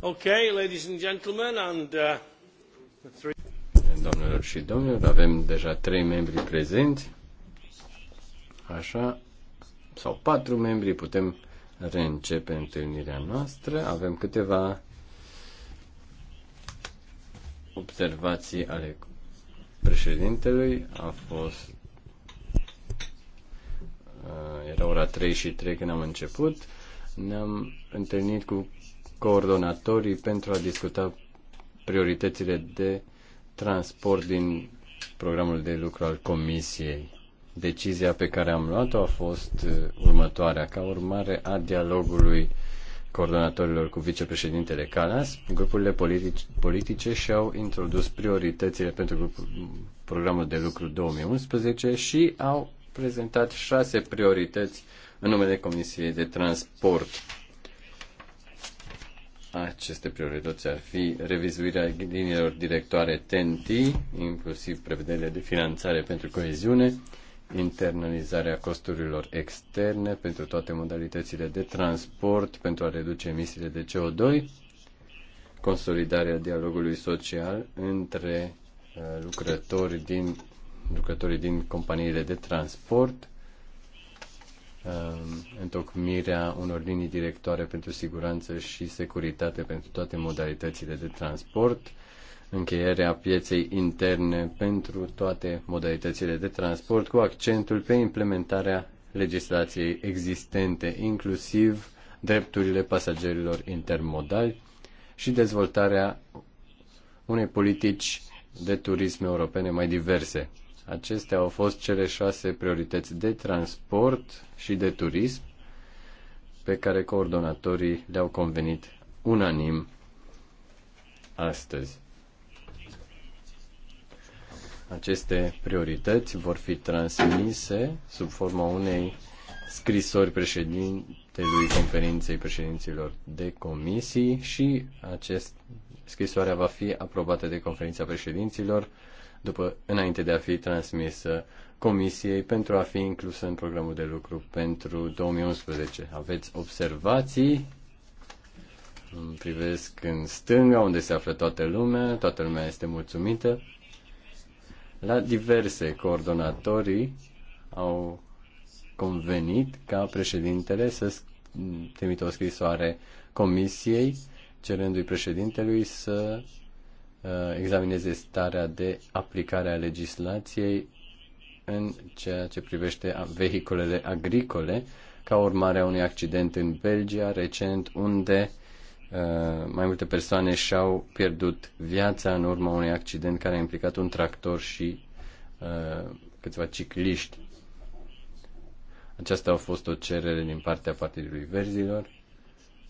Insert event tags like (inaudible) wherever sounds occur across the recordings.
Okay, ladies and gentlemen, and uh, three... și domnilor, avem deja trei membri prezenți, așa, sau patru membri, putem reîncepe întâlnirea noastră. Avem câteva observații ale președintelui. A fost uh, era ora 3 și 3 când am început. Ne-am întâlnit cu coordonatorii pentru a discuta prioritățile de transport din programul de lucru al Comisiei. Decizia pe care am luat-o a fost uh, următoarea. Ca urmare a dialogului coordonatorilor cu vicepreședintele Calas, grupurile politici, politice și-au introdus prioritățile pentru grupul, programul de lucru 2011 și au prezentat șase priorități în numele Comisiei de Transport aceste priorități ar fi revizuirea liniilor directoare TNT, inclusiv prevederile de finanțare pentru coeziune, internalizarea costurilor externe pentru toate modalitățile de transport pentru a reduce emisiile de CO2, consolidarea dialogului social între uh, lucrători din, lucrătorii din companiile de transport, Um, întocmirea unor linii directoare pentru siguranță și securitate pentru toate modalitățile de transport, încheierea pieței interne pentru toate modalitățile de transport, cu accentul pe implementarea legislației existente, inclusiv drepturile pasagerilor intermodali și dezvoltarea unei politici de turism europene mai diverse. Acestea au fost cele șase priorități de transport și de turism pe care coordonatorii le-au convenit unanim astăzi. Aceste priorități vor fi transmise sub forma unei scrisori președintelui conferinței președinților de comisii și această scrisoare va fi aprobată de conferința președinților după, înainte de a fi transmisă Comisiei pentru a fi inclusă în programul de lucru pentru 2011. Aveți observații? Îmi privesc în stânga, unde se află toată lumea, toată lumea este mulțumită. La diverse coordonatorii au convenit ca președintele să trimită o scrisoare comisiei cerându-i președintelui să Uh, examineze starea de aplicare a legislației în ceea ce privește vehiculele agricole, ca urmare a unui accident în Belgia recent, unde uh, mai multe persoane și-au pierdut viața în urma unui accident care a implicat un tractor și uh, câțiva cicliști. Aceasta a fost o cerere din partea Partidului Verzilor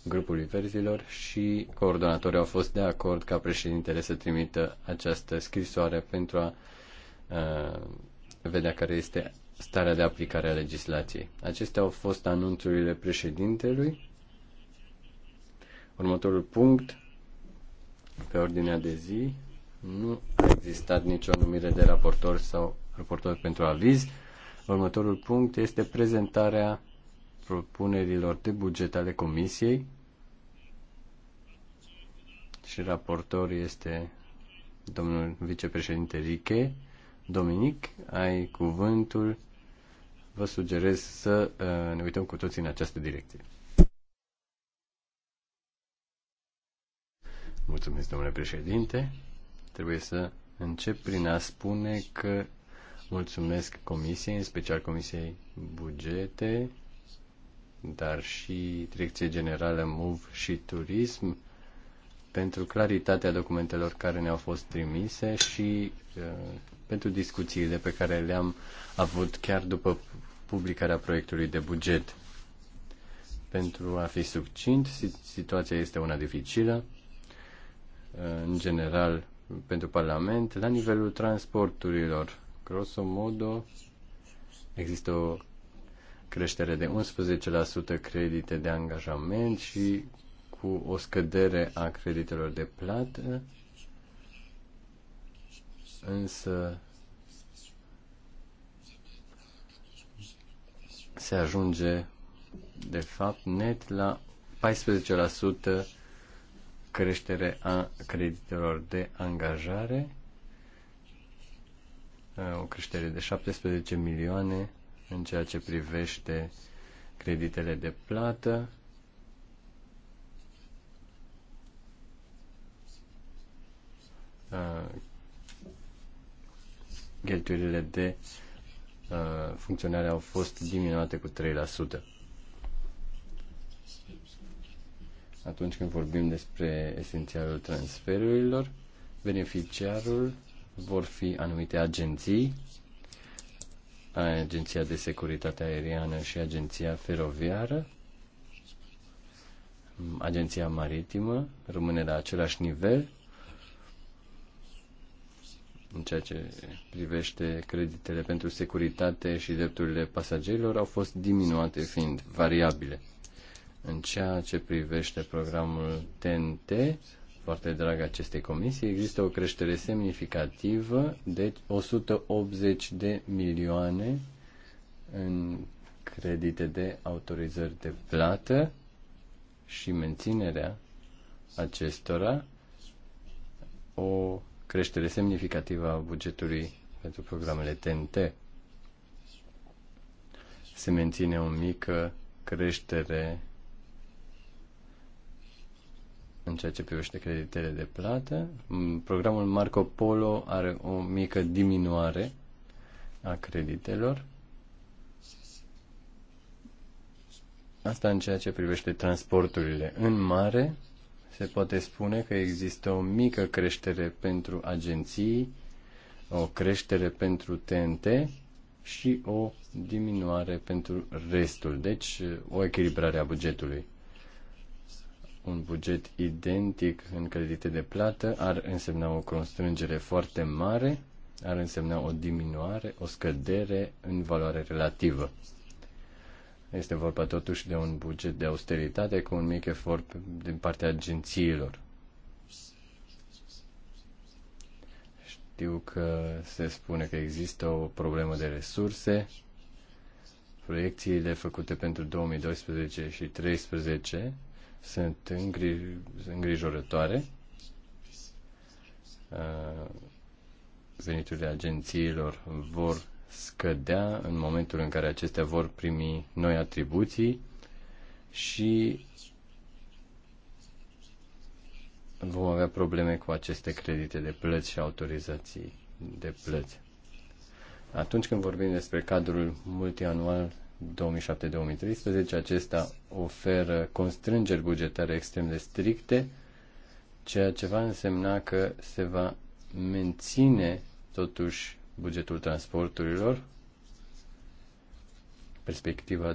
grupului verzilor și coordonatorii au fost de acord ca președintele să trimită această scrisoare pentru a uh, vedea care este starea de aplicare a legislației. Acestea au fost anunțurile președintelui. Următorul punct pe ordinea de zi nu a existat nicio numire de raportor sau raportor pentru aviz. Următorul punct este prezentarea propunerilor de buget ale Comisiei și raportor este domnul vicepreședinte Riche. Dominic, ai cuvântul. Vă sugerez să uh, ne uităm cu toții în această direcție. Mulțumesc, domnule președinte. Trebuie să încep prin a spune că mulțumesc Comisiei, în special Comisiei Bugete dar și Direcție Generală MUV și Turism pentru claritatea documentelor care ne-au fost trimise și uh, pentru discuțiile pe care le-am avut chiar după publicarea proiectului de buget. Pentru a fi succint, situația este una dificilă, uh, în general pentru Parlament, la nivelul transporturilor. grosomodo există o creștere de 11% credite de angajament și cu o scădere a creditelor de plată, însă se ajunge de fapt net la 14% creștere a creditelor de angajare, o creștere de 17 milioane în ceea ce privește creditele de plată. Uh, cheltuielile de uh, funcționare au fost diminuate cu 3%. Atunci când vorbim despre esențialul transferurilor, beneficiarul vor fi anumite agenții Agenția de Securitate Aeriană și Agenția Feroviară, Agenția Maritimă rămâne la același nivel în ceea ce privește creditele pentru securitate și drepturile pasagerilor au fost diminuate fiind variabile. În ceea ce privește programul TNT, foarte drag acestei comisii, există o creștere semnificativă de 180 de milioane în credite de autorizări de plată și menținerea acestora, o creștere semnificativă a bugetului pentru programele TNT. Se menține o mică creștere în ceea ce privește creditele de plată. Mm, programul Marco Polo are o mică diminuare a creditelor. Asta în ceea ce privește transporturile în mare, se poate spune că există o mică creștere pentru agenții, o creștere pentru TNT și o diminuare pentru restul, deci o echilibrare a bugetului un buget identic în credite de plată ar însemna o constrângere foarte mare, ar însemna o diminuare, o scădere în valoare relativă. Este vorba totuși de un buget de austeritate cu un mic efort din partea agențiilor. Știu că se spune că există o problemă de resurse. Proiecțiile făcute pentru 2012 și 2013 sunt îngrijorătoare. Veniturile agențiilor vor scădea în momentul în care acestea vor primi noi atribuții și vom avea probleme cu aceste credite de plăți și autorizații de plăți. Atunci când vorbim despre cadrul multianual 2007-2013. Acesta oferă constrângeri bugetare extrem de stricte, ceea ce va însemna că se va menține totuși bugetul transporturilor. Perspectiva 2012-2013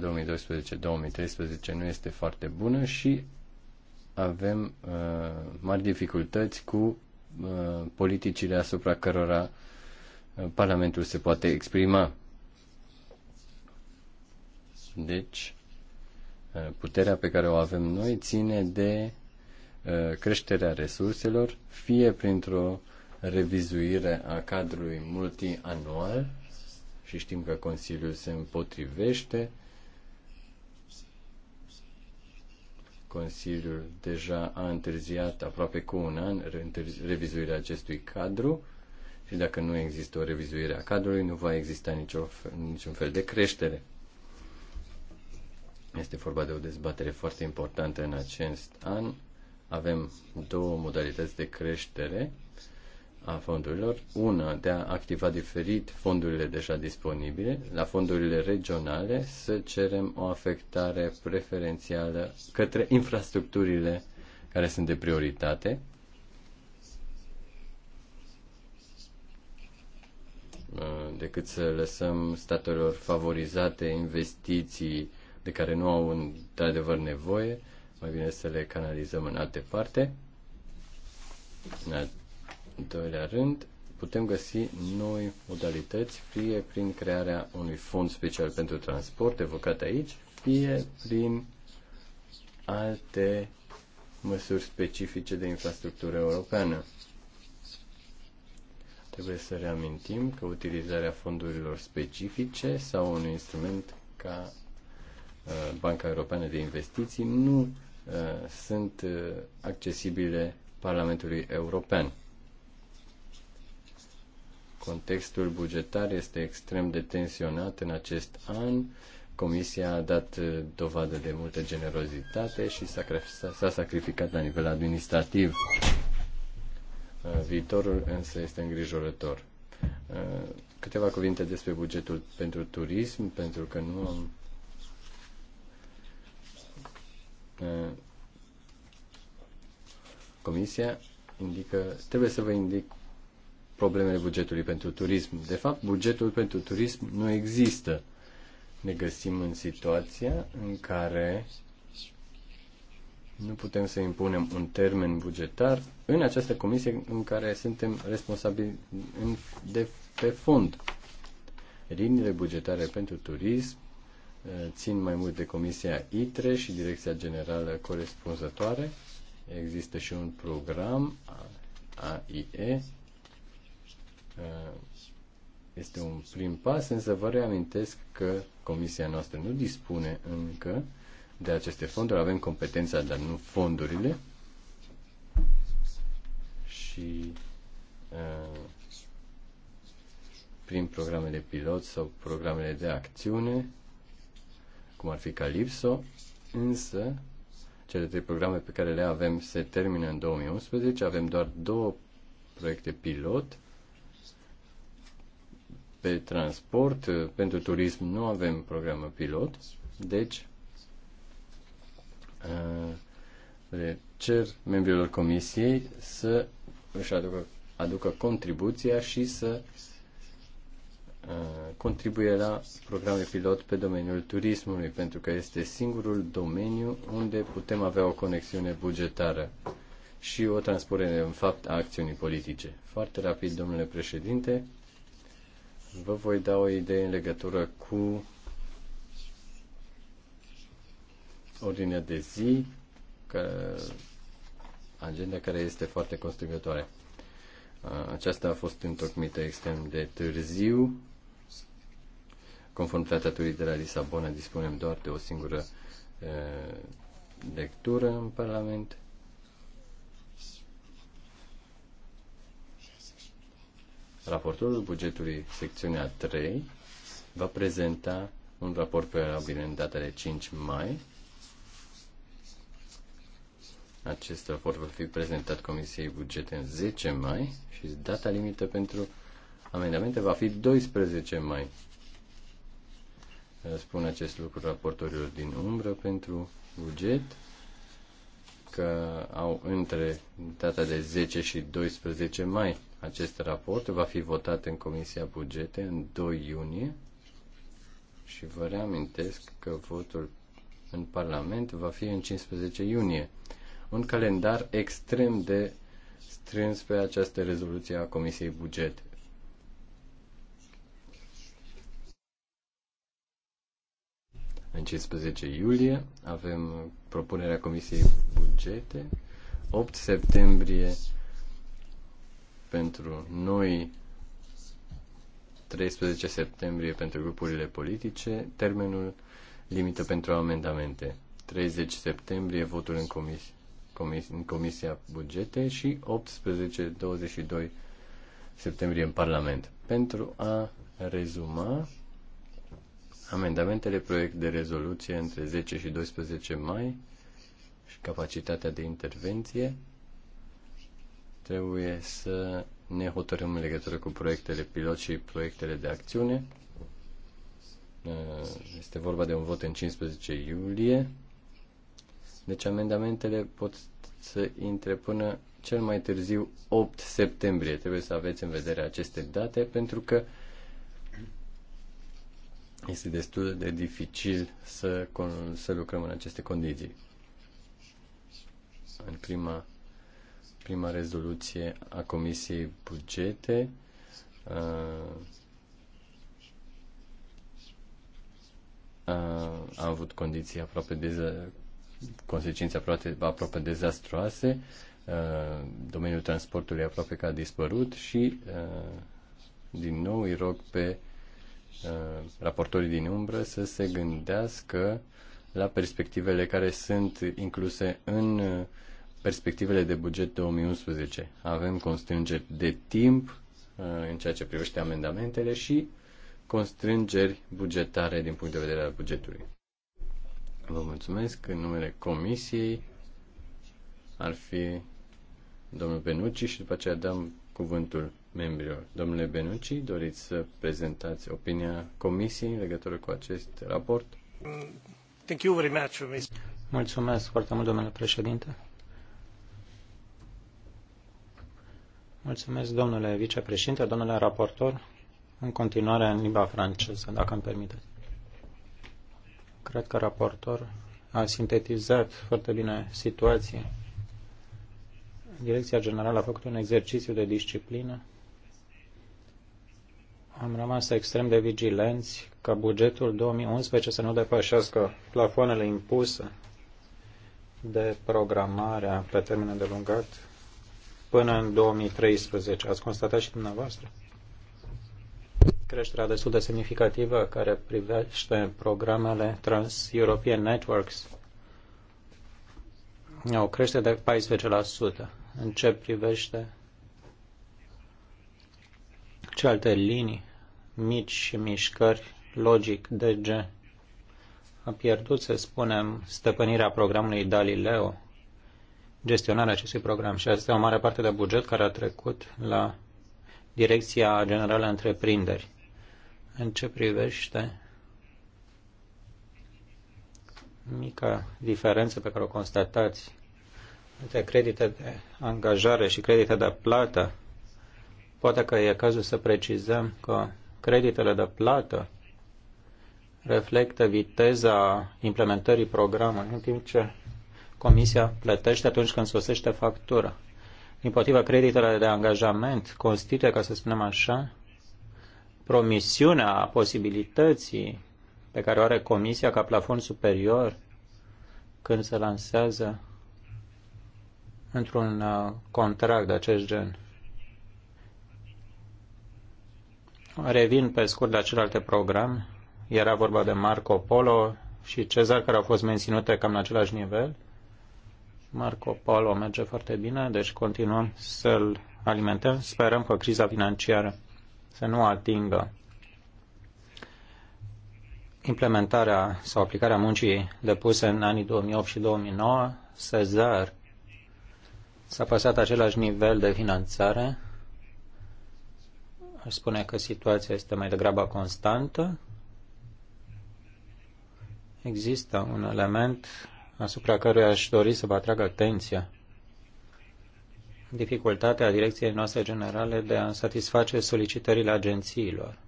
nu este foarte bună și avem uh, mari dificultăți cu uh, politicile asupra cărora uh, Parlamentul se poate exprima. Deci, uh, puterea pe care o avem noi ține de uh, creșterea resurselor, fie printr-o revizuire a cadrului multianual, și știm că Consiliul se împotrivește, Consiliul deja a întârziat aproape cu un an revizuirea acestui cadru și dacă nu există o revizuire a cadrului, nu va exista nicio, niciun fel de creștere. Este vorba de o dezbatere foarte importantă în acest an. Avem două modalități de creștere a fondurilor. Una, de a activa diferit fondurile deja disponibile. La fondurile regionale să cerem o afectare preferențială către infrastructurile care sunt de prioritate. decât să lăsăm statelor favorizate investiții de care nu au într-adevăr nevoie, mai bine să le canalizăm în alte parte. În al doilea rând, putem găsi noi modalități, fie prin crearea unui fond special pentru transport evocat aici, fie prin alte măsuri specifice de infrastructură europeană. Trebuie să reamintim că utilizarea fondurilor specifice sau un instrument ca Uh, Banca Europeană de Investiții nu uh, sunt uh, accesibile Parlamentului European. Contextul bugetar este extrem de tensionat în acest an. Comisia a dat dovadă de multă generozitate și s-a sacrificat la nivel administrativ. Viitorul însă este îngrijorător. Câteva cuvinte despre bugetul pentru turism, pentru că nu am Comisia indică, trebuie să vă indic problemele bugetului pentru turism. De fapt, bugetul pentru turism nu există. Ne găsim în situația în care nu putem să impunem un termen bugetar în această comisie în care suntem responsabili de, pe fond. Liniile bugetare pentru turism țin mai mult de Comisia ITRE și Direcția Generală corespunzătoare. Există și un program AIE. Uh, este un prim pas, însă vă reamintesc că Comisia noastră nu dispune încă de aceste fonduri. Avem competența, dar nu fondurile. Și uh, prin programele pilot sau programele de acțiune cum ar fi Calipso, însă cele trei programe pe care le avem se termină în 2011, avem doar două proiecte pilot pe transport, pentru turism nu avem programă pilot, deci le cer membrilor comisiei să își aducă, aducă contribuția și să uh, Uh, contribuie la programe pilot pe domeniul turismului, pentru că este singurul domeniu unde putem avea o conexiune bugetară și o transpunere în fapt a acțiunii politice. Foarte rapid, domnule președinte, vă voi da o idee în legătură cu ordinea de zi, că, agenda care este foarte constrângătoare. Uh, aceasta a fost întocmită extrem de târziu, Conform tratatului de la Lisabona, dispunem doar de o singură lectură în Parlament. Raportorul bugetului, secțiunea 3, va prezenta un raport prealabil în data de 5 mai. Acest raport va fi prezentat Comisiei Buget în 10 mai și data limită pentru amendamente va fi 12 mai. Eh, spun acest lucru raportorilor din umbră pentru buget că au între data de 10 și 12 mai acest raport va fi votat în Comisia Bugete în 2 iunie și vă reamintesc că votul în Parlament va fi în 15 iunie. Un calendar extrem de strâns pe această rezoluție a Comisiei Buget. În 15 iulie avem propunerea Comisiei Bugete. 8 septembrie pentru noi, 13 septembrie pentru grupurile politice, termenul limită pentru amendamente. 30 septembrie votul în, comis, comis, în Comisia Bugete și 18-22 septembrie în Parlament. Pentru a rezuma, Amendamentele proiect de rezoluție între 10 și 12 mai și capacitatea de intervenție trebuie să ne hotărâm în legătură cu proiectele pilot și proiectele de acțiune. Uh, este vorba de un vot în 15 iulie. Deci amendamentele pot să intre până cel mai târziu 8 septembrie. Trebuie să aveți în vedere aceste date pentru că este destul de dificil să, să lucrăm în aceste condiții. În prima, prima rezoluție a Comisiei Bugete, a avut condiții aproape de consecințe aproape, aproape dezastroase, domeniul transportului aproape că a dispărut și din nou îi rog pe Uh, raportorii din umbră să se gândească la perspectivele care sunt incluse în uh, perspectivele de buget 2011. Avem constrângeri de timp uh, în ceea ce privește amendamentele și constrângeri bugetare din punct de vedere al bugetului. Vă mulțumesc. În numele comisiei ar fi domnul Benucci și după aceea dăm cuvântul membrilor. Domnule Benucci, doriți să prezentați opinia Comisiei în legătură cu acest raport? Thank you very much, Mulțumesc foarte mult, domnule președinte. Mulțumesc, domnule vicepreședinte, domnule raportor. În continuare, în limba franceză, dacă îmi permiteți. Cred că raportor a sintetizat foarte bine situația. Direcția Generală a făcut un exercițiu de disciplină am rămas extrem de vigilenți ca bugetul 2011 să nu depășească plafoanele impuse de programarea pe termen îndelungat până în 2013. Ați constatat și dumneavoastră creșterea destul de semnificativă care privește programele Trans-European Networks. O creștere de 14% în ce privește celelalte linii, mici și mișcări, logic, DG, a pierdut, să spunem, stăpânirea programului Dalileo, gestionarea acestui program și asta e o mare parte de buget care a trecut la Direcția Generală Întreprinderi. În ce privește mica diferență pe care o constatați între credite de angajare și credite de plată, Poate că e cazul să precizăm că creditele de plată reflectă viteza implementării programului, în timp ce Comisia plătește atunci când sosește factura. Din potriva, creditele de angajament constituie, ca să spunem așa, promisiunea posibilității pe care o are Comisia ca plafon superior când se lansează într-un uh, contract de acest gen. Revin pe scurt la celelalte program. Era vorba de Marco Polo și Cezar, care au fost menținute cam la același nivel. Marco Polo merge foarte bine, deci continuăm să-l alimentăm. Sperăm că criza financiară să nu atingă implementarea sau aplicarea muncii depuse în anii 2008 și 2009. Cezar s-a păsat același nivel de finanțare Aș spune că situația este mai degrabă constantă. Există un element asupra căruia aș dori să vă atrag atenția. Dificultatea direcției noastre generale de a satisface solicitările agențiilor.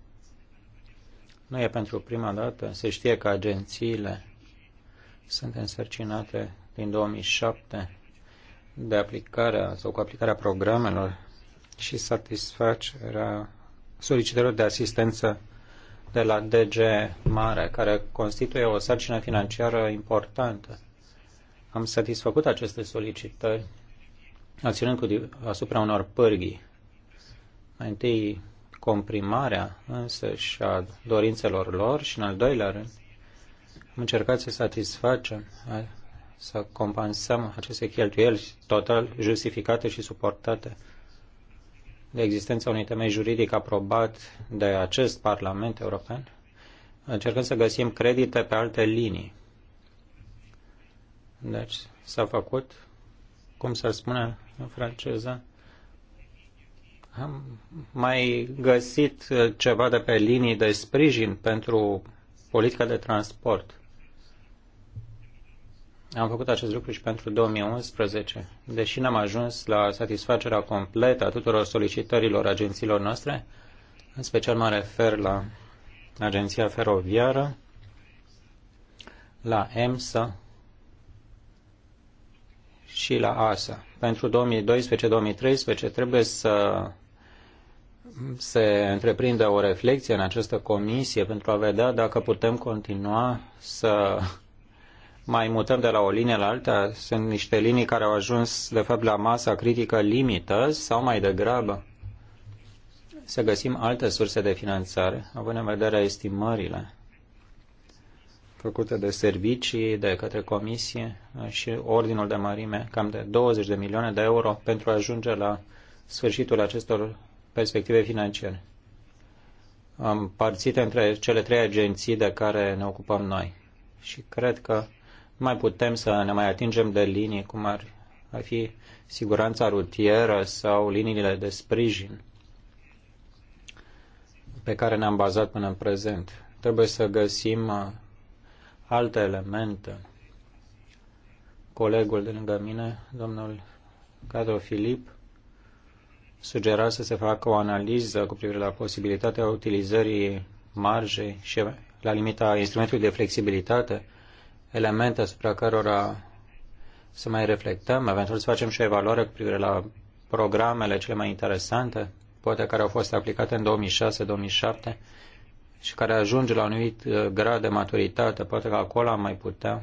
Nu e pentru prima dată. Se știe că agențiile sunt însărcinate din 2007 de aplicarea sau cu aplicarea programelor și satisfacerea solicitărilor de asistență de la DG Mare, care constituie o sarcină financiară importantă. Am satisfăcut aceste solicitări acționând cu, asupra unor pârghii. Mai întâi, comprimarea și a dorințelor lor și, în al doilea rând, am încercat să satisfacem, să compensăm aceste cheltuieli total justificate și suportate de existența unui temei juridic aprobat de acest Parlament European, încercăm să găsim credite pe alte linii. Deci s-a făcut, cum s-ar spune în franceză, am mai găsit ceva de pe linii de sprijin pentru politica de transport. Am făcut acest lucru și pentru 2011. Deși n-am ajuns la satisfacerea completă a tuturor solicitărilor agențiilor noastre, în special mă refer la Agenția Feroviară, la EMSA și la ASA. Pentru 2012-2013 trebuie să se întreprindă o reflexie în această comisie pentru a vedea dacă putem continua să mai mutăm de la o linie la alta? Sunt niște linii care au ajuns, de fapt, la masa critică limită sau mai degrabă să găsim alte surse de finanțare, având în vedere estimările făcute de servicii, de către comisie și ordinul de mărime, cam de 20 de milioane de euro pentru a ajunge la sfârșitul acestor perspective financiare, am parțit între cele trei agenții de care ne ocupăm noi. Și cred că mai putem să ne mai atingem de linii, cum ar, ar fi siguranța rutieră sau liniile de sprijin pe care ne-am bazat până în prezent. Trebuie să găsim uh, alte elemente. Colegul de lângă mine, domnul Cadro Filip, sugera să se facă o analiză cu privire la posibilitatea utilizării marjei și la limita instrumentului de flexibilitate elemente asupra cărora să mai reflectăm, eventual să facem și o evaluare cu privire la programele cele mai interesante, poate care au fost aplicate în 2006-2007 și care ajunge la un anumit uh, grad de maturitate, poate că acolo am mai putea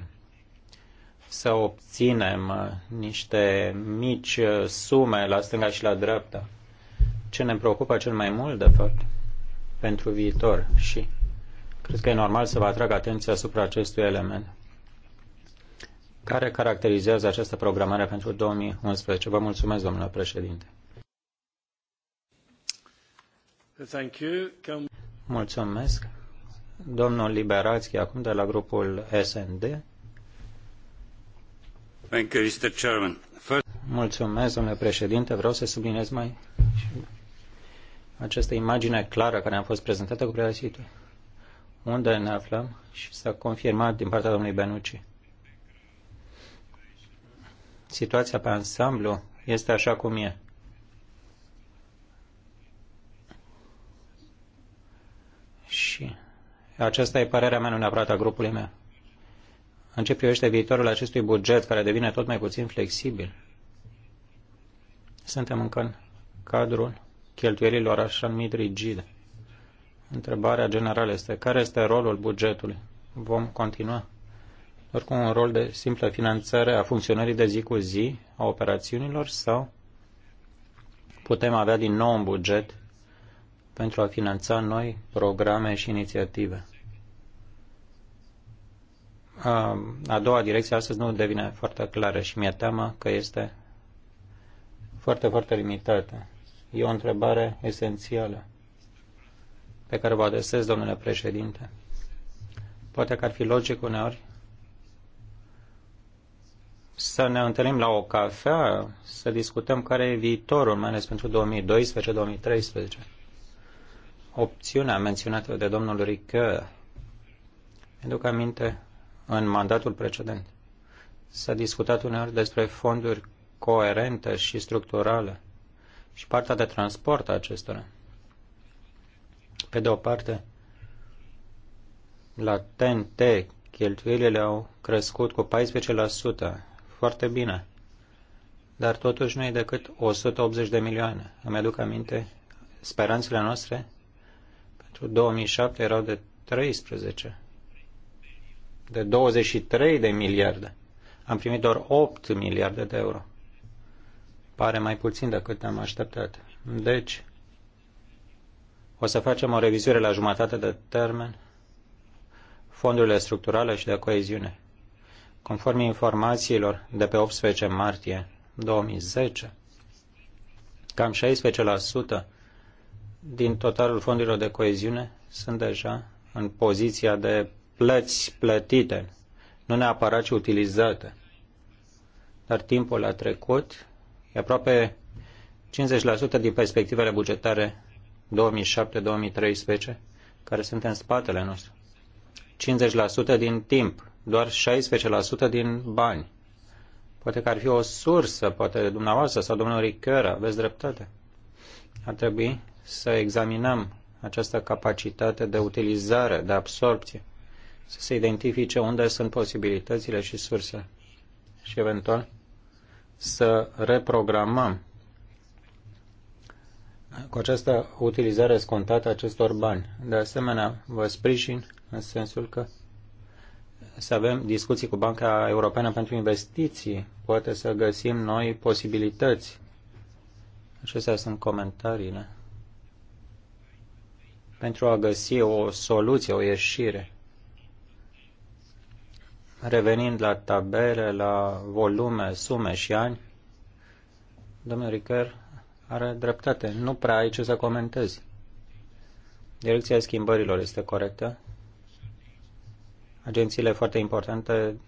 să obținem uh, niște mici uh, sume la stânga și la dreapta. Ce ne preocupă cel mai mult, de fapt, pentru viitor și cred că e normal să vă atrag atenția asupra acestui element care caracterizează această programare pentru 2011. Vă mulțumesc, domnule președinte. Mulțumesc. Domnul Liberațchi, acum de la grupul SND. Mulțumesc, domnule președinte. Vreau să subliniez mai această imagine clară care a fost prezentată cu privire unde ne aflăm și s-a confirmat din partea domnului Benucci situația pe ansamblu este așa cum e. Și aceasta e părerea mea, nu neapărat a grupului meu. În ce privește viitorul acestui buget, care devine tot mai puțin flexibil, suntem încă în cadrul cheltuielilor așa numit rigid. Întrebarea generală este, care este rolul bugetului? Vom continua oricum un rol de simplă finanțare a funcționării de zi cu zi a operațiunilor sau putem avea din nou un buget pentru a finanța noi programe și inițiative. A doua direcție astăzi nu devine foarte clară și mi-e teamă că este foarte, foarte limitată. E o întrebare esențială pe care vă adresez, domnule președinte. Poate că ar fi logic uneori să ne întâlnim la o cafea, să discutăm care e viitorul, mai ales pentru 2012-2013. Opțiunea menționată de domnul Rică, mi-aduc aminte, în mandatul precedent, s-a discutat uneori despre fonduri coerente și structurale și partea de transport a acestora. Pe de o parte, la TNT, cheltuielile au crescut cu 14%, foarte bine. Dar totuși nu e decât 180 de milioane. Îmi aduc aminte, speranțele noastre pentru 2007 erau de 13, de 23 de miliarde. Am primit doar 8 miliarde de euro. Pare mai puțin decât am așteptat. Deci, o să facem o revizuire la jumătate de termen, fondurile structurale și de coeziune. Conform informațiilor de pe 18 martie 2010, cam 16% din totalul fondurilor de coeziune sunt deja în poziția de plăți plătite, nu neapărat ci utilizate. Dar timpul a trecut, e aproape 50% din perspectivele bugetare 2007-2013, care sunt în spatele nostru. 50% din timp doar 16% din bani. Poate că ar fi o sursă, poate dumneavoastră sau domnul Ricăr, aveți dreptate. Ar trebui să examinăm această capacitate de utilizare, de absorpție, să se identifice unde sunt posibilitățile și surse și eventual să reprogramăm cu această utilizare scontată acestor bani. De asemenea, vă sprijin în sensul că să avem discuții cu Banca Europeană pentru Investiții. Poate să găsim noi posibilități. Acestea sunt comentariile. Pentru a găsi o soluție, o ieșire. Revenind la tabele, la volume, sume și ani, domnul Ricker are dreptate. Nu prea ai ce să comentezi. Direcția schimbărilor este corectă agențiile foarte importante,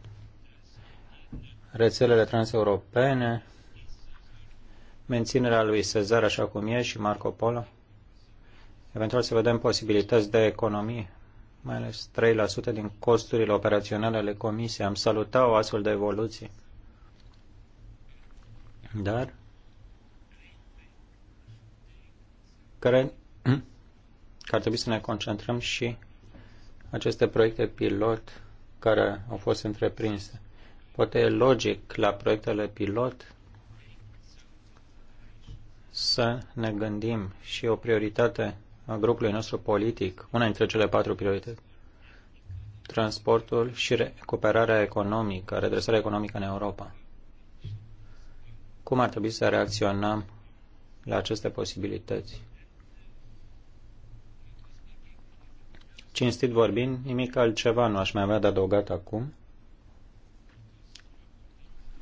rețelele transeuropene, menținerea lui Cezar așa cum e și Marco Polo. Eventual să vedem posibilități de economie, mai ales 3% din costurile operaționale ale comisiei. Am salutat o astfel de evoluție. Dar care? (clears throat) că ar trebui să ne concentrăm și aceste proiecte pilot care au fost întreprinse. Poate e logic la proiectele pilot să ne gândim și o prioritate a grupului nostru politic, una dintre cele patru priorități, transportul și recuperarea economică, redresarea economică în Europa. Cum ar trebui să reacționăm la aceste posibilități? cinstit vorbind, nimic altceva nu aș mai avea de adăugat acum,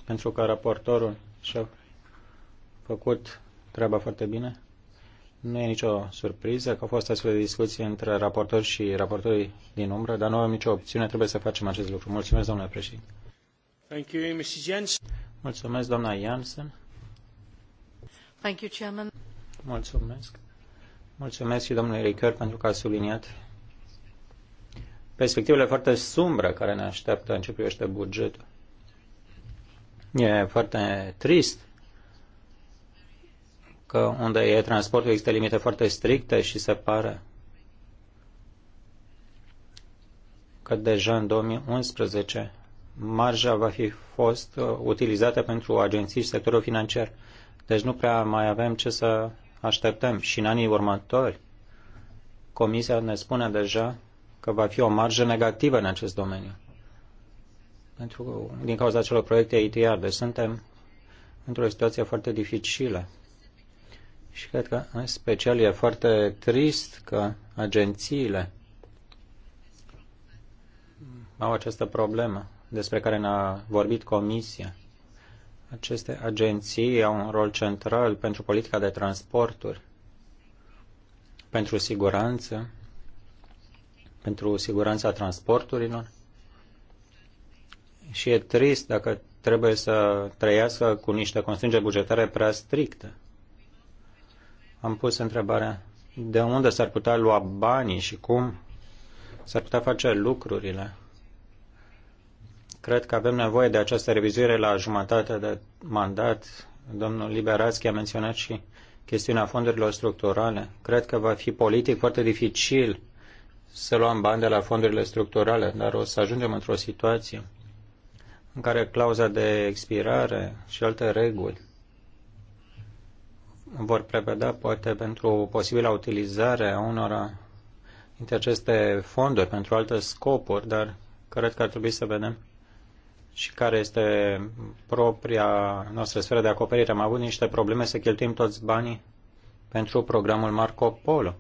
pentru că raportorul și-a făcut treaba foarte bine. Nu e nicio surpriză că au fost astfel de discuții între raportori și raportorii din umbră, dar nu avem nicio opțiune, trebuie să facem acest lucru. Mulțumesc, domnule președinte. Thank you, Mrs. Jensen. Mulțumesc, doamna Jansen. Thank you, Chairman. Mulțumesc. Mulțumesc și domnului Ricker pentru că a subliniat perspectivele foarte sumbre care ne așteaptă în ce privește bugetul. E foarte trist că unde e transportul există limite foarte stricte și se pare că deja în 2011 marja va fi fost uh, utilizată pentru agenții și sectorul financiar. Deci nu prea mai avem ce să așteptăm. Și în anii următori, Comisia ne spune deja că va fi o marjă negativă în acest domeniu. Pentru, că, din cauza acelor proiecte ITR, deci suntem într-o situație foarte dificilă. Și cred că, în special, e foarte trist că agențiile au această problemă despre care ne-a vorbit Comisia. Aceste agenții au un rol central pentru politica de transporturi, pentru siguranță, pentru siguranța transporturilor. Și e trist dacă trebuie să trăiască cu niște constrângeri bugetare prea stricte. Am pus întrebarea de unde s-ar putea lua banii și cum s-ar putea face lucrurile. Cred că avem nevoie de această revizuire la jumătate de mandat. Domnul Liberațchi a menționat și chestiunea fondurilor structurale. Cred că va fi politic foarte dificil să luăm bani de la fondurile structurale, dar o să ajungem într-o situație în care clauza de expirare și alte reguli vor preveda poate pentru posibilă utilizare a unora dintre aceste fonduri pentru alte scopuri, dar cred că ar trebui să vedem și care este propria noastră sferă de acoperire. Am avut niște probleme să cheltuim toți banii pentru programul Marco Polo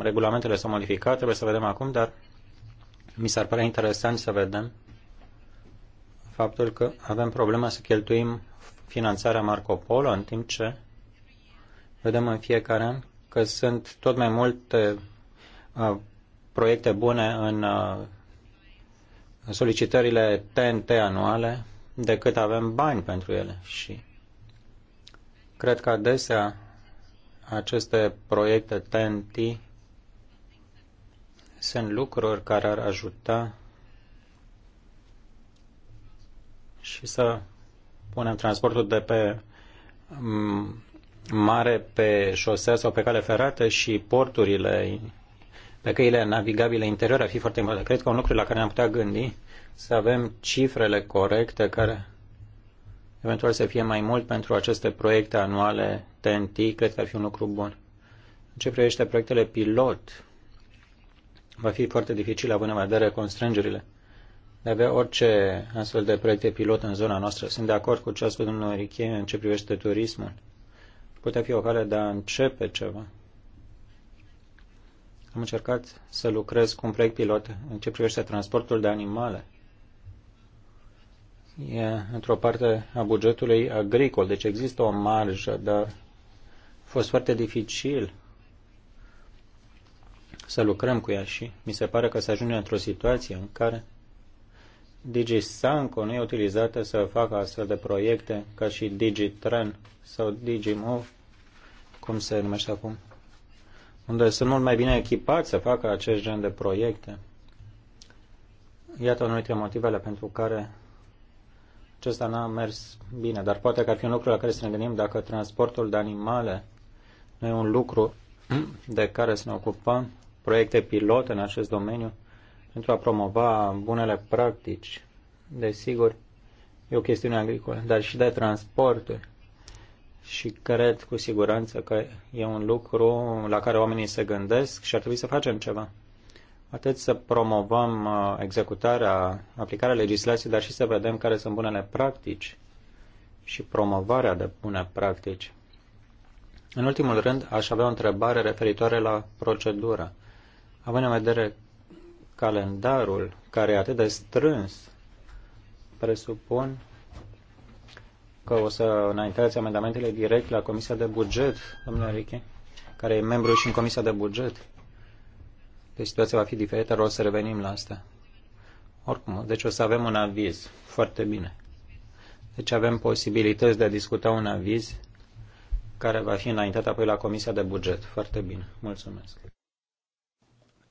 regulamentele s-au modificat, trebuie să vedem acum, dar mi s-ar părea interesant să vedem faptul că avem problema să cheltuim finanțarea Marco Polo, în timp ce vedem în fiecare an că sunt tot mai multe uh, proiecte bune în uh, solicitările TNT anuale decât avem bani pentru ele și cred că adesea aceste proiecte TNT sunt lucruri care ar ajuta și să punem transportul de pe mm, mare pe șosea sau pe cale ferată și porturile pe căile navigabile interioare ar fi foarte important. Cred că un lucru la care ne-am putea gândi să avem cifrele corecte care eventual să fie mai mult pentru aceste proiecte anuale TNT, cred că ar fi un lucru bun. În ce privește proiectele pilot, va fi foarte dificil având în vedere constrângerile de avea orice astfel de proiecte pilot în zona noastră. Sunt de acord cu ce a spus domnul Riche în ce privește turismul. Putea fi o cale de a începe ceva. Am încercat să lucrez cu un proiect pilot în ce privește transportul de animale e într-o parte a bugetului agricol, deci există o marjă, dar a fost foarte dificil să lucrăm cu ea și mi se pare că se ajunge într-o situație în care DigiSanco nu e utilizată să facă astfel de proiecte ca și DigiTren sau DigiMove, cum se numește acum, unde sunt mult mai bine echipați să facă acest gen de proiecte. Iată unul dintre motivele pentru care acesta n-a mers bine, dar poate că ar fi un lucru la care să ne gândim dacă transportul de animale nu e un lucru de care să ne ocupăm, proiecte pilot în acest domeniu pentru a promova bunele practici. Desigur, e o chestiune agricolă, dar și de transporturi. Și cred cu siguranță că e un lucru la care oamenii se gândesc și ar trebui să facem ceva atât să promovăm uh, executarea, aplicarea legislației, dar și să vedem care sunt bunele practici și promovarea de bune practici. În ultimul rând, aș avea o întrebare referitoare la procedură. Având în vedere calendarul care e atât de strâns, presupun că o să înaintați amendamentele direct la Comisia de Buget, domnule Riche, care e membru și în Comisia de Buget. Deci situația va fi diferită, dar o să revenim la asta. Oricum, deci o să avem un aviz. Foarte bine. Deci avem posibilități de a discuta un aviz care va fi înaintat apoi la Comisia de Buget. Foarte bine. Mulțumesc.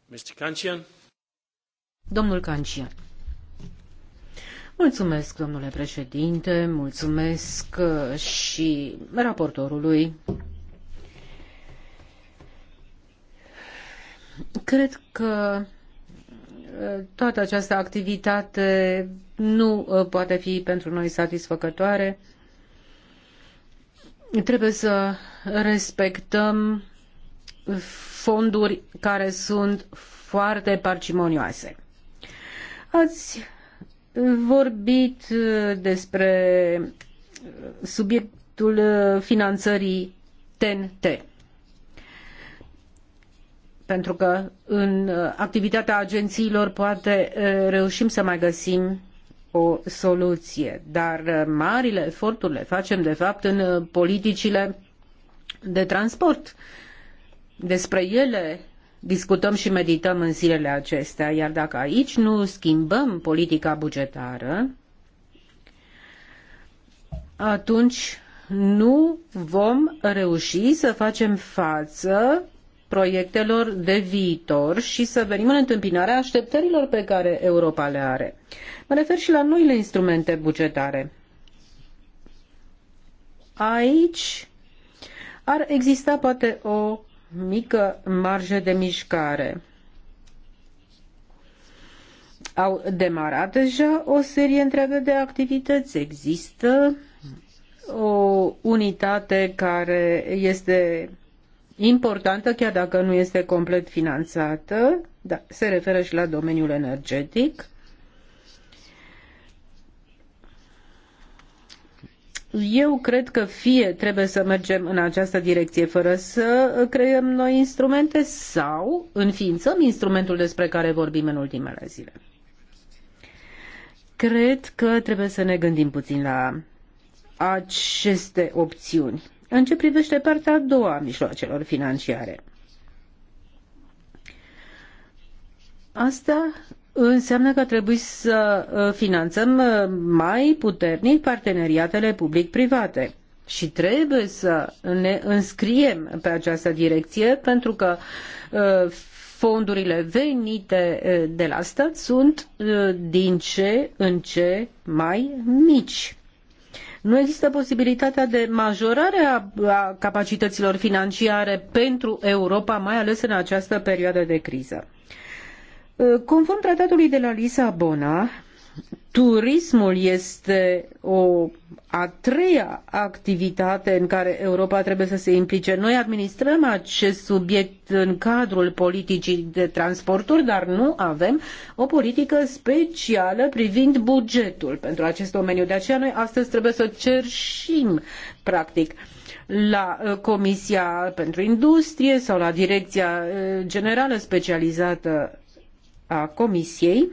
Mr. Cancian. Domnul Cancian. Mulțumesc, domnule președinte, mulțumesc uh, și raportorului Cred că uh, toată această activitate nu uh, poate fi pentru noi satisfăcătoare. Trebuie să respectăm fonduri care sunt foarte parcimonioase. Ați vorbit uh, despre subiectul finanțării TNT pentru că în uh, activitatea agențiilor poate uh, reușim să mai găsim o soluție, dar uh, marile eforturi le facem de fapt în politicile de transport. Despre ele discutăm și medităm în zilele acestea, iar dacă aici nu schimbăm politica bugetară, atunci nu vom reuși să facem față proiectelor de viitor și să venim în întâmpinarea așteptărilor pe care Europa le are. Mă refer și la noile instrumente bugetare. Aici ar exista poate o mică marjă de mișcare. Au demarat deja o serie întreagă de activități. Există o unitate care este importantă, chiar dacă nu este complet finanțată, da, se referă și la domeniul energetic. Eu cred că fie trebuie să mergem în această direcție fără să creăm noi instrumente sau înființăm instrumentul despre care vorbim în ultimele zile. Cred că trebuie să ne gândim puțin la aceste opțiuni. În ce privește partea a doua a mijloacelor financiare? Asta înseamnă că trebuie să uh, finanțăm uh, mai puternic parteneriatele public-private. Și trebuie să ne înscriem pe această direcție pentru că uh, fondurile venite de la stat sunt din ce în ce mai mici. Nu există posibilitatea de majorare a, a capacităților financiare pentru Europa, mai ales în această perioadă de criză. Conform tratatului de la Lisabona, Turismul este o a treia activitate în care Europa trebuie să se implice. Noi administrăm acest subiect în cadrul politicii de transporturi, dar nu avem o politică specială privind bugetul pentru acest domeniu. De aceea noi astăzi trebuie să cerșim, practic, la uh, Comisia pentru Industrie sau la Direcția uh, Generală Specializată a Comisiei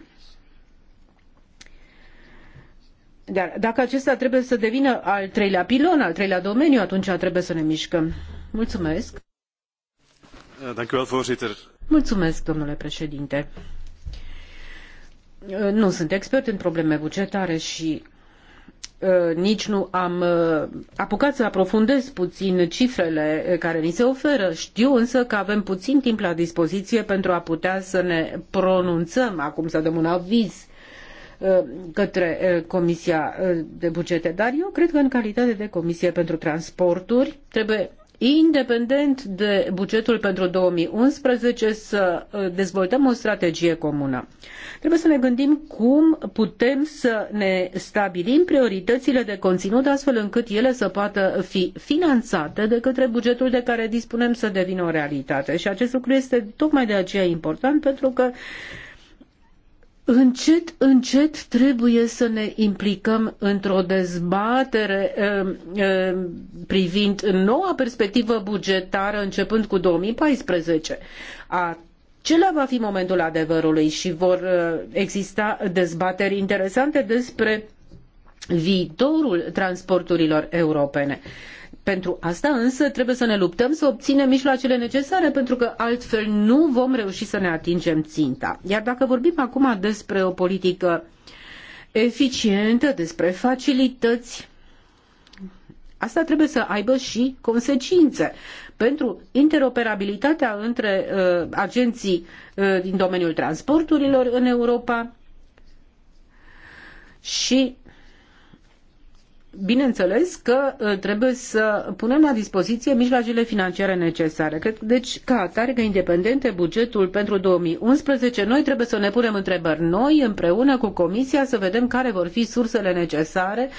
Dar dacă acesta trebuie să devină al treilea pilon, al treilea domeniu, atunci trebuie să ne mișcăm. Mulțumesc. Mulțumesc, domnule președinte. Nu sunt expert în probleme bugetare și ă, nici nu am ă, apucat să aprofundez puțin cifrele care ni se oferă. Știu însă că avem puțin timp la dispoziție pentru a putea să ne pronunțăm, acum să dăm un aviz Uh, către uh, Comisia uh, de Bugete, dar eu cred că în calitate de Comisie pentru Transporturi trebuie independent de bugetul pentru 2011, să dezvoltăm o strategie comună. Trebuie să ne gândim cum putem să ne stabilim prioritățile de conținut astfel încât ele să poată fi finanțate de către bugetul de care dispunem să devină o realitate. Și acest lucru este tocmai de aceea important pentru că încet, încet trebuie să ne implicăm într-o dezbatere um, um, privind noua perspectivă bugetară începând cu 2014. Acela va fi momentul adevărului și vor uh, exista dezbateri interesante despre viitorul transporturilor europene. Pentru asta însă trebuie să ne luptăm să obținem mijloacele necesare, pentru că altfel nu vom reuși să ne atingem ținta. Iar dacă vorbim acum despre o politică eficientă, despre facilități, asta trebuie să aibă și consecințe pentru interoperabilitatea între uh, agenții uh, din domeniul transporturilor în Europa și bineînțeles că ă, trebuie să punem la dispoziție mijloacele financiare necesare. Cred, deci, ca atare că independente bugetul pentru 2011, noi trebuie să ne punem întrebări noi, împreună cu Comisia, să vedem care vor fi sursele necesare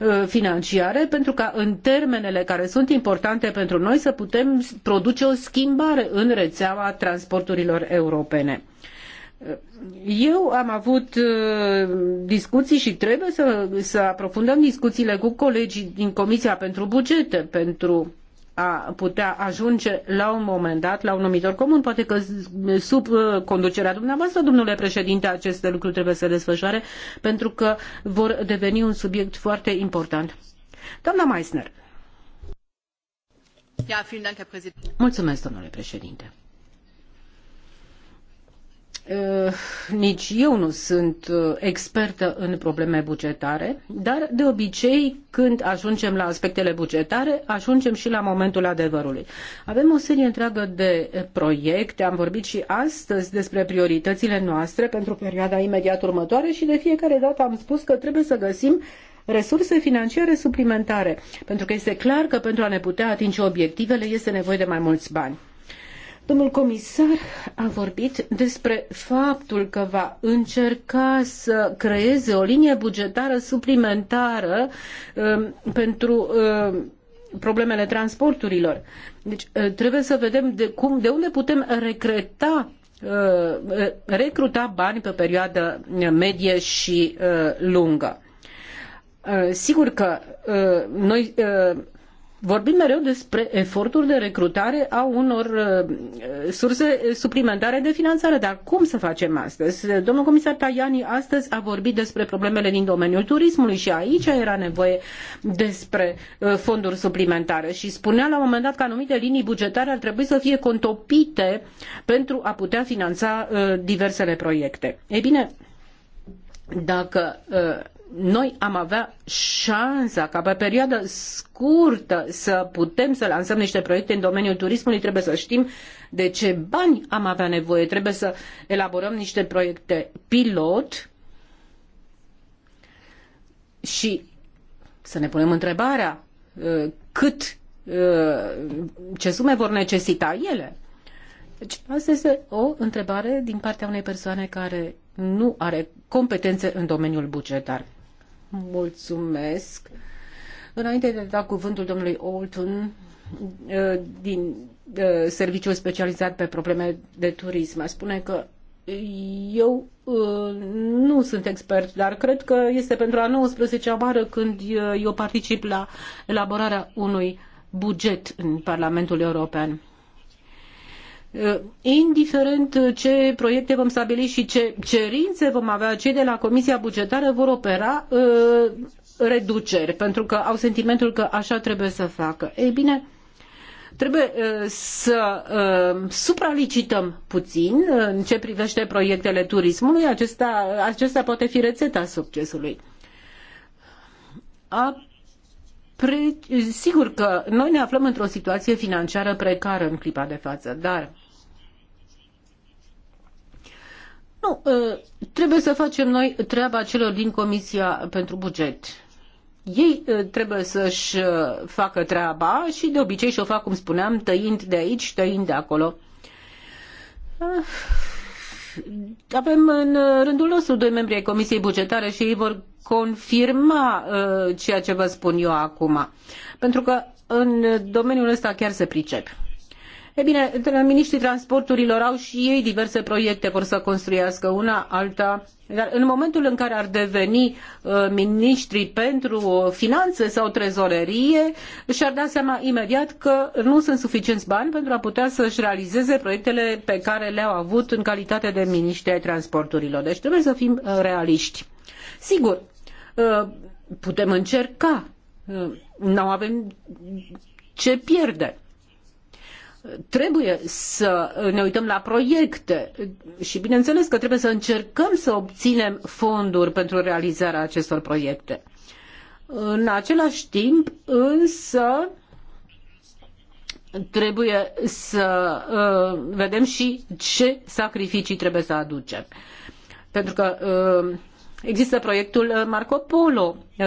ă, financiare, pentru ca în termenele care sunt importante pentru noi să putem produce o schimbare în rețeaua transporturilor europene. Eu am avut uh, discuții și trebuie să, să aprofundăm discuțiile cu colegii din Comisia pentru Bugete, pentru a putea ajunge la un moment dat la un numitor comun. Poate că sub uh, conducerea dumneavoastră, domnule președinte, aceste lucruri trebuie să desfășoare pentru că vor deveni un subiect foarte important. Doamna Meissner. Mulțumesc, domnule președinte. Eh, nici eu nu sunt eh, expertă în probleme bugetare, dar de obicei când ajungem la aspectele bugetare, ajungem și la momentul adevărului. Avem o serie întreagă de proiecte, am vorbit și astăzi despre prioritățile noastre pentru perioada imediat următoare și de fiecare dată am spus că trebuie să găsim resurse financiare suplimentare, pentru că este clar că pentru a ne putea atinge obiectivele este nevoie de mai mulți bani. Domnul comisar a vorbit despre faptul că va încerca să creeze o linie bugetară suplimentară um, pentru um, problemele transporturilor. Deci uh, trebuie să vedem de, cum, de unde putem recreta uh, recruta bani pe perioadă medie și uh, lungă. Uh, sigur că uh, noi uh, vorbim mereu despre eforturi de recrutare a unor uh, surse suplimentare de finanțare. Dar cum să facem astăzi? Domnul comisar Tajani astăzi a vorbit despre problemele din domeniul turismului și aici era nevoie despre uh, fonduri suplimentare și spunea la un moment dat că anumite linii bugetare ar trebui să fie contopite pentru a putea finanța uh, diversele proiecte. Ei bine, dacă noi am avea șansa ca pe perioadă scurtă să putem să lansăm niște proiecte în domeniul turismului, trebuie să știm de ce bani am avea nevoie, trebuie să elaborăm niște proiecte pilot și să ne punem întrebarea uh, cât, uh, ce sume vor necesita ele. Deci asta este o întrebare din partea unei persoane care nu are competențe în domeniul bugetar. Mulțumesc. Înainte de a da cuvântul domnului Olton ă, din ă, Serviciul Specializat pe Probleme de Turism, a spune că eu ă, nu sunt expert, dar cred că este pentru a 19-a oară când eu particip la elaborarea unui buget în Parlamentul European. Uh, indiferent uh, ce proiecte vom stabili și ce cerințe vom avea, cei de la Comisia Bugetară vor opera uh, reduceri, pentru că au sentimentul că așa trebuie să facă. Ei bine, trebuie să supralicităm puțin în ce privește proiectele turismului. Acesta, acesta poate fi rețeta succesului. A, pre, sigur că noi ne aflăm într-o situație financiară precară în clipa de față, dar Nu, ă, trebuie să facem noi treaba celor din Comisia pentru Buget. Ei ă, trebuie să-și ă, facă treaba și de obicei și o fac, cum spuneam, tăind de aici, tăind de acolo. Ah, avem în rândul nostru doi membri ai Comisiei Bugetare și ei vor confirma ceea ce vă spun eu acum. Pentru că în domeniul ăsta chiar se pricep. E bine, miniștrii transporturilor au și ei diverse proiecte, vor să construiască una, alta, dar în momentul în care ar deveni uh, pentru uh, finanțe sau trezorerie, și-ar da seama imediat că nu sunt suficienți bani pentru a putea să-și realizeze proiectele pe care le-au avut în calitate de miniștri ai transporturilor. Deci trebuie să fim uh, realiști. Sigur, uh, putem încerca, uh, nu avem ce pierde trebuie să ne uităm la proiecte și bineînțeles că trebuie să încercăm să obținem fonduri pentru realizarea acestor proiecte. În același timp, însă, trebuie să uh, vedem și ce sacrificii trebuie să aducem. Pentru că uh, Există proiectul uh, Marco Polo. Uh,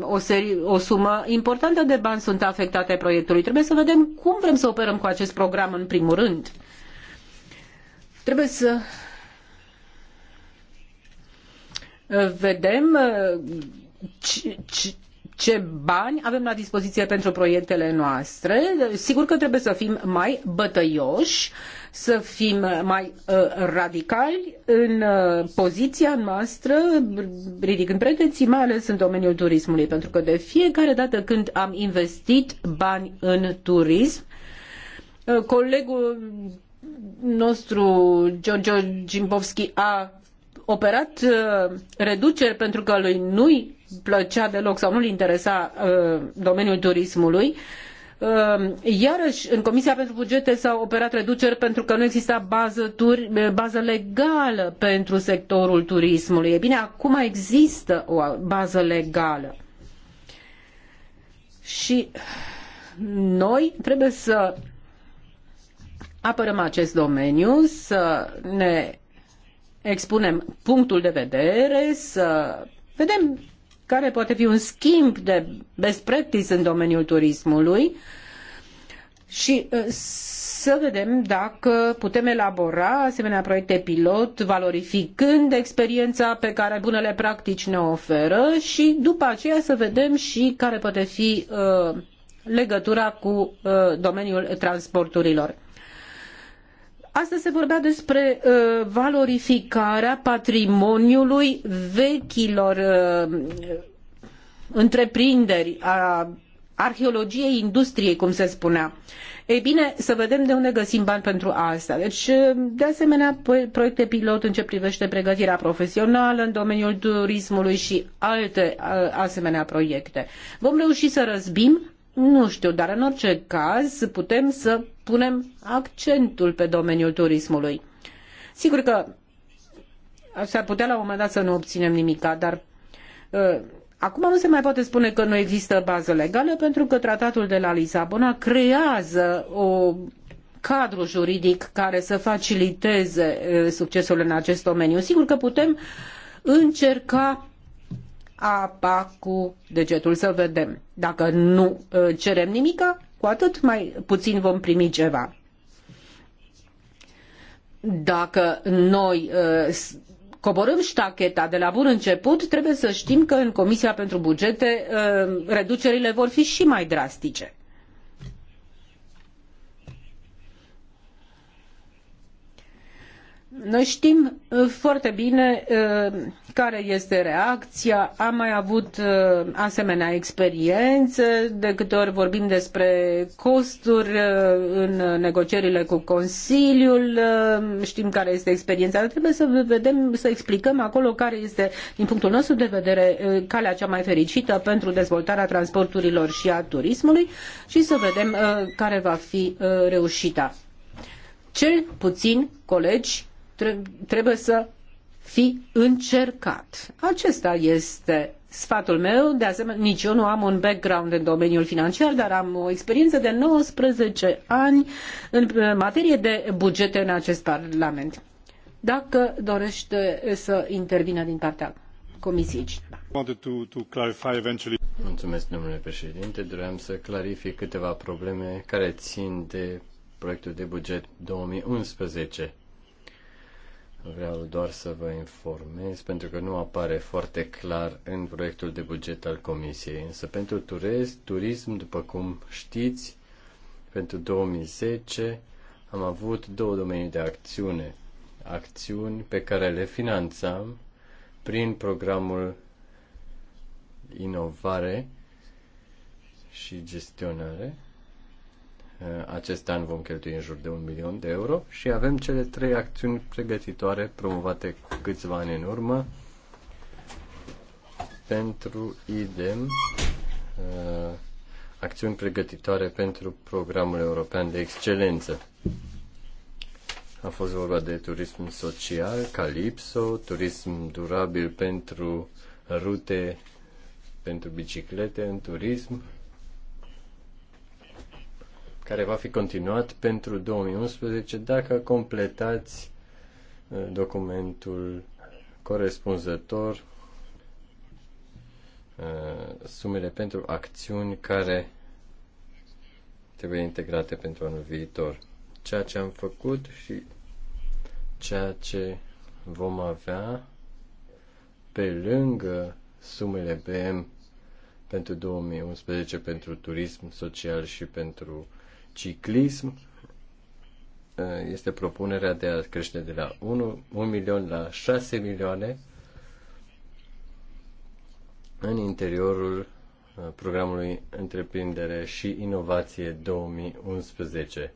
o, serie, o sumă importantă de bani sunt afectate proiectului. Trebuie să vedem cum vrem să operăm cu acest program în primul rând. Trebuie să uh, vedem ce, ce, ce bani avem la dispoziție pentru proiectele noastre. Sigur că trebuie să fim mai bătăioși uh, să fim mai uh, radicali în uh, poziția noastră, ridicând pretenții, mai ales în domeniul turismului, pentru că de fiecare dată când am investit bani în turism, uh, colegul nostru Giorgio Gimbovski a operat reduceri pentru că lui nu-i plăcea deloc sau nu-l interesa domeniul turismului, Ehm, iarăi în Comisia pentru Bugete s-au operat reduceri pentru că nu exista bază, tur, eh, bază legală pentru sectorul turismului. E bine, acum există o bază legală. Și noi trebuie să apărăm acest domeniu, să ne expunem punctul de vedere, să vedem care poate fi un schimb de best practice în domeniul turismului și uh, să vedem dacă putem elabora asemenea proiecte pilot, valorificând experiența pe care bunele practici ne oferă și după aceea să vedem și care poate fi uh, legătura cu uh, domeniul transporturilor. Astăzi se vorbea despre uh, valorificarea patrimoniului vechilor uh, întreprinderi, a arheologiei industriei, cum se spunea. Ei bine, să vedem de unde găsim bani pentru asta. Deci, uh, de asemenea, proiecte pilot în ce privește pregătirea profesională în domeniul turismului și alte uh, asemenea proiecte. Vom reuși să răzbim nu știu, dar în orice caz putem să punem accentul pe domeniul turismului. Sigur că s-ar putea la un moment dat să nu obținem nimica, dar uh, acum nu se mai poate spune că nu există bază legală pentru că tratatul de la Lisabona creează o cadru juridic care să faciliteze uh, succesul în acest domeniu. Sigur că putem încerca apa cu degetul să vedem. Dacă nu uh, cerem nimică, cu atât mai puțin vom primi ceva. Dacă noi uh, coborâm ștacheta de la bun început, trebuie să știm că în Comisia pentru Bugete uh, reducerile vor fi și mai drastice. Noi știm uh, foarte bine uh, care este reacția. Am mai avut uh, asemenea experiențe. De câte ori vorbim despre costuri în negocierile cu Consiliul, știm care este experiența. Dar trebuie să vedem, să explicăm acolo care este, din punctul nostru de vedere, calea cea mai fericită pentru dezvoltarea transporturilor și a turismului și să vedem care va fi reușita. Cel puțin colegi trebuie să fi încercat. Acesta este sfatul meu. De asemenea, nici eu nu am un background în domeniul financiar, dar am o experiență de 19 ani în materie de bugete în acest Parlament. Dacă dorește să intervină din partea Comisiei cineva. Mulțumesc, domnule președinte. Doream să clarific câteva probleme care țin de proiectul de buget 2011 Vreau doar să vă informez, pentru că nu apare foarte clar în proiectul de buget al Comisiei. Însă pentru turism, turism după cum știți, pentru 2010 am avut două domenii de acțiune. Acțiuni pe care le finanțam prin programul inovare și gestionare Eh, acest an vom cheltui în jur de un milion de euro și avem cele trei acțiuni pregătitoare promovate câțiva ani în urmă pentru IDEM, eh, acțiuni pregătitoare pentru programul european de excelență. A fost vorba de turism social, calipso, turism durabil pentru rute pentru biciclete în turism, care va fi continuat pentru 2011 dacă completați uh, documentul corespunzător uh, sumele pentru acțiuni care trebuie integrate pentru anul viitor. Ceea ce am făcut și ceea ce vom avea pe lângă sumele BM pentru 2011 pentru turism social și pentru ciclism uh, este propunerea de a crește de la 1, 1 milion la 6 milioane în interiorul uh, programului Întreprindere și Inovație 2011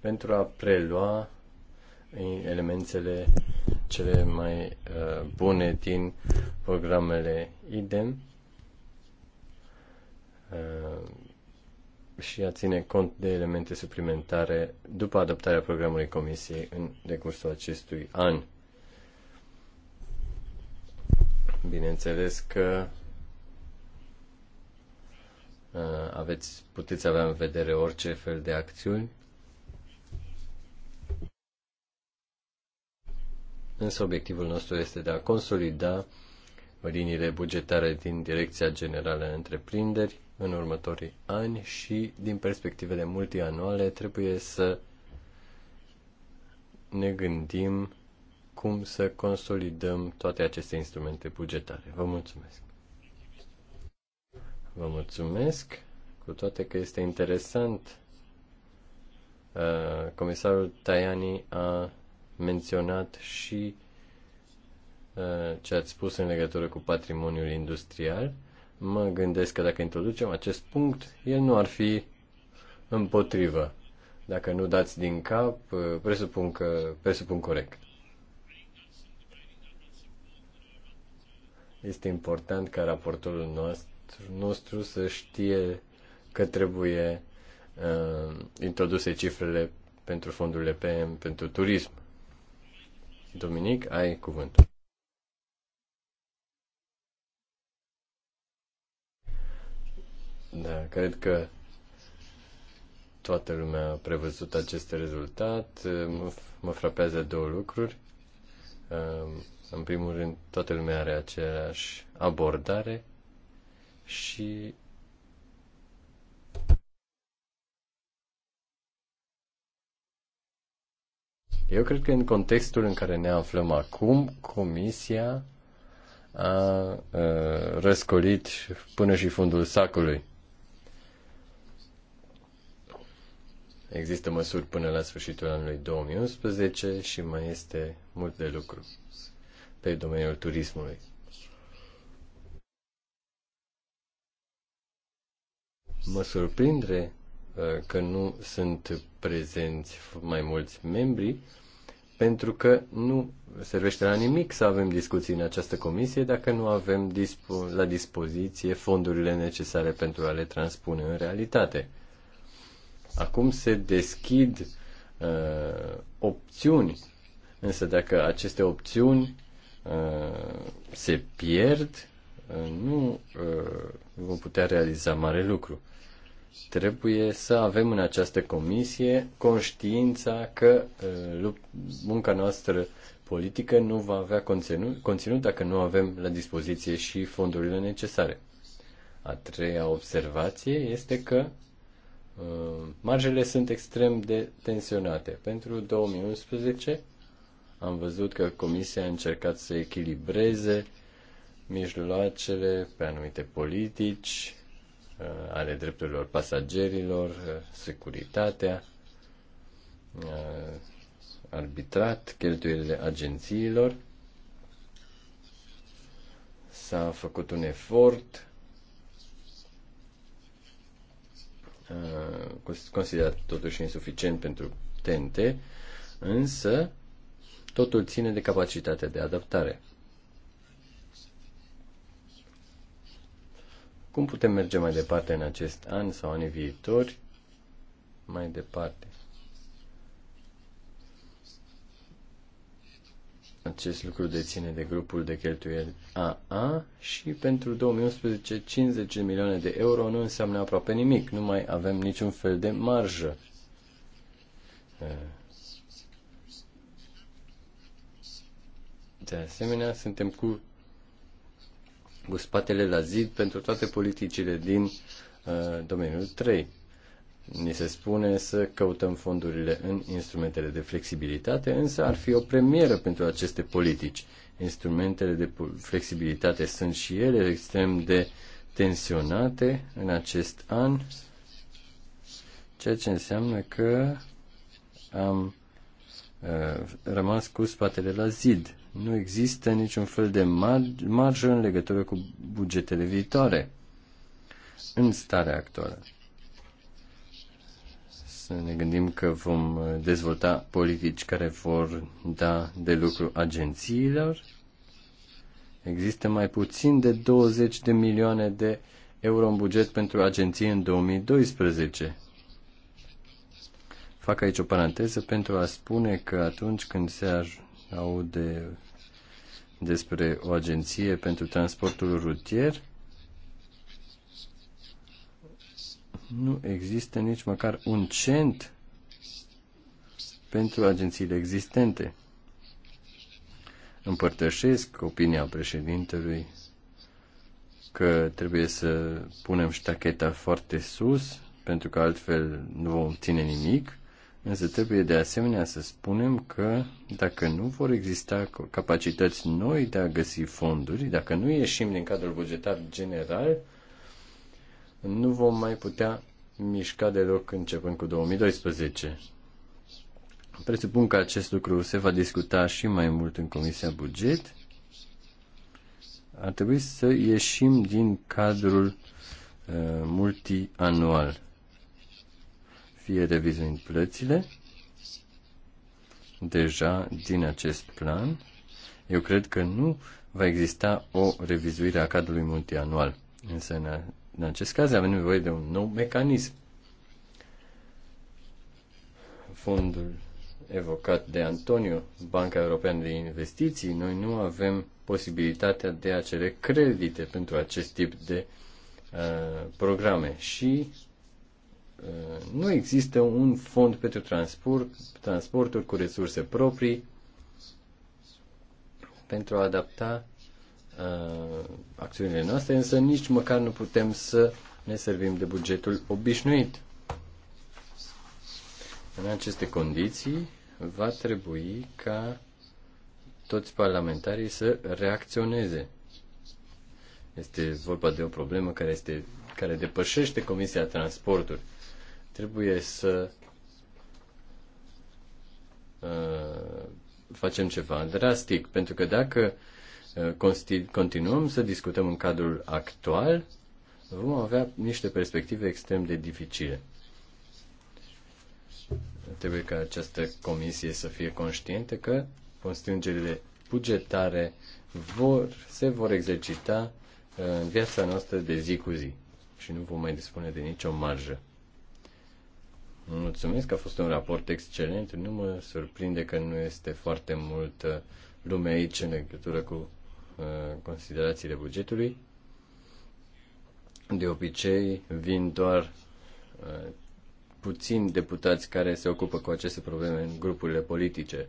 pentru a prelua uh, elementele cele mai bune din programele IDEM și a ține cont de elemente suplimentare după adoptarea programului Comisiei în decursul acestui an. Bineînțeles că uh, aveți, puteți avea în vedere orice fel de acțiuni. Însă obiectivul nostru este de a consolida liniile bugetare din Direcția Generală Întreprinderi în următorii ani și din perspectivele multianuale trebuie să ne gândim cum să consolidăm toate aceste instrumente bugetare. Vă mulțumesc! Vă mulțumesc, cu toate că este interesant. Uh, comisarul Tajani a menționat și uh, ce ați spus în legătură cu patrimoniul industrial mă gândesc că dacă introducem acest punct, el nu ar fi împotrivă. Dacă nu dați din cap, presupun, că, presupun corect. Este important ca raportorul nostru, nostru să știe că trebuie uh, introduse cifrele pentru fondurile PM pentru turism. Dominic, ai cuvântul. Da, cred că toată lumea a prevăzut acest rezultat. Mă, mă frapează două lucruri. În primul rând, toată lumea are aceeași abordare și Eu cred că în contextul în care ne aflăm acum, Comisia a, a răscolit până și fundul sacului. Există măsuri până la sfârșitul anului 2011 și mai este mult de lucru pe domeniul turismului. Mă surprinde uh, că nu sunt prezenți mai mulți membri, pentru că nu servește la nimic să avem discuții în această comisie dacă nu avem dispo- la dispoziție fondurile necesare pentru a le transpune în realitate. Acum se deschid uh, opțiuni, însă dacă aceste opțiuni uh, se pierd, uh, nu uh, vom putea realiza mare lucru. Trebuie să avem în această comisie conștiința că uh, munca noastră politică nu va avea conținut, conținut dacă nu avem la dispoziție și fondurile necesare. A treia observație este că Uh, marjele sunt extrem de tensionate. Pentru 2011 am văzut că Comisia a încercat să echilibreze mijloacele pe anumite politici uh, ale drepturilor pasagerilor, uh, securitatea, arbitrat cheltuielile agențiilor. S-a făcut un efort Uh, considerat totuși insuficient pentru TNT, însă totul ține de capacitatea de adaptare. Cum putem merge mai departe în acest an sau anii viitori? Mai departe. Acest lucru deține de grupul de cheltuieli AA și pentru 2011 50 de milioane de euro nu înseamnă aproape nimic. Nu mai avem niciun fel de marjă. De asemenea, suntem cu, cu spatele la zid pentru toate politicile din uh, domeniul 3. Ni se spune să căutăm fondurile în instrumentele de flexibilitate, însă ar fi o premieră pentru aceste politici. Instrumentele de flexibilitate sunt și ele extrem de tensionate în acest an, ceea ce înseamnă că am uh, rămas cu spatele la zid. Nu există niciun fel de mar- marjă în legătură cu bugetele viitoare în starea actuală să ne gândim că vom dezvolta politici care vor da de lucru agențiilor. Există mai puțin de 20 de milioane de euro în buget pentru agenții în 2012. Fac aici o paranteză pentru a spune că atunci când se aude despre o agenție pentru transportul rutier, nu există nici măcar un cent pentru agențiile existente. Împărtășesc opinia președintelui că trebuie să punem ștacheta foarte sus, pentru că altfel nu vom obține nimic, însă trebuie de asemenea să spunem că dacă nu vor exista capacități noi de a găsi fonduri, dacă nu ieșim din cadrul bugetar general, nu vom mai putea mișca deloc începând cu 2012. Presupun că acest lucru se va discuta și mai mult în Comisia Buget. Ar trebui să ieșim din cadrul uh, multianual, fie revizuind plățile deja din acest plan. Eu cred că nu va exista o revizuire a cadrului multianual. Însă, în acest caz avem nevoie de un nou mecanism. Fondul evocat de Antonio, Banca Europeană de Investiții, noi nu avem posibilitatea de a cere credite pentru acest tip de uh, programe și uh, nu există un fond pentru transport, transporturi cu resurse proprii pentru a adapta uh, acțiunile noastre, însă nici măcar nu putem să ne servim de bugetul obișnuit. În aceste condiții, va trebui ca toți parlamentarii să reacționeze. Este vorba de o problemă care, este, care depășește Comisia Transporturi. Trebuie să uh, facem ceva drastic, pentru că dacă uh, Eh, continuăm să discutăm în cadrul actual, vom avea niște perspective extrem de dificile. Trebuie ca această comisie să fie conștientă că constrângerile bugetare vor, se vor exercita eh, în viața noastră de zi cu zi și nu vom mai dispune de nicio marjă. Mulțumesc, că a fost un raport excelent. Nu mă surprinde că nu este foarte multă lume aici în legătură cu Uh, considerațiile bugetului. De obicei vin doar uh, puțini deputați care se ocupă cu aceste probleme în grupurile politice.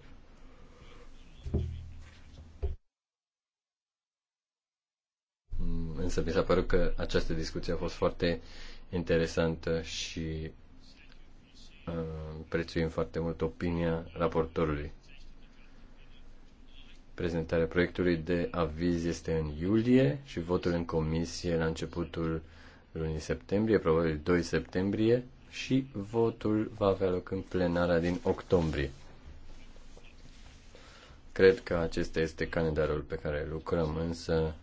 Mm, însă mi s-a părut că această discuție a fost foarte interesantă și uh, prețuim foarte mult opinia raportorului. Prezentarea proiectului de aviz este în iulie și votul în comisie la începutul lunii septembrie, probabil 2 septembrie, și votul va avea loc în plenara din octombrie. Cred că acesta este calendarul pe care lucrăm, însă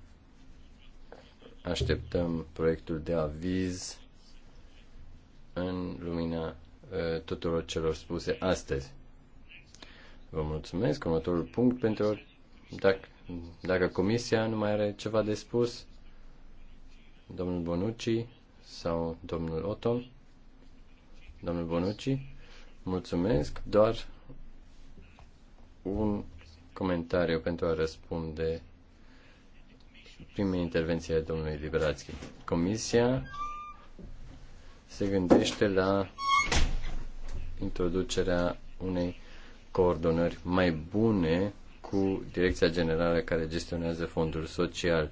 așteptăm proiectul de aviz în lumina tuturor celor spuse astăzi. Vă mulțumesc. Următorul punct pentru dacă, dacă comisia nu mai are ceva de spus, domnul Bonucci sau domnul Otom domnul Bonucci, mulțumesc, doar un comentariu pentru a răspunde primei intervenții a domnului Liberațchi. Comisia se gândește la introducerea unei coordonări mai bune cu Direcția Generală care gestionează fondul social.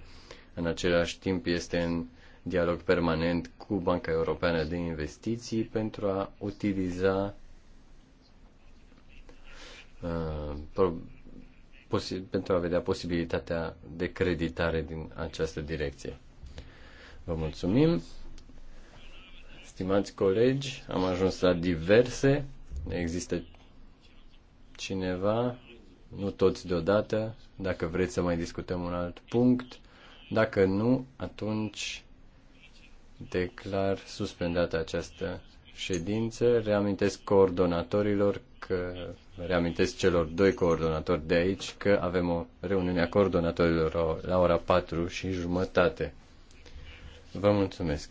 În același timp este în dialog permanent cu Banca Europeană de Investiții pentru a utiliza uh, pentru a vedea posibilitatea de creditare din această direcție. Vă mulțumim. Stimați colegi, am ajuns la diverse. Există cineva nu toți deodată, dacă vreți să mai discutăm un alt punct. Dacă nu, atunci declar suspendată această ședință. Reamintesc coordonatorilor că reamintesc celor doi coordonatori de aici că avem o reuniune a coordonatorilor la ora 4 și jumătate. Vă mulțumesc.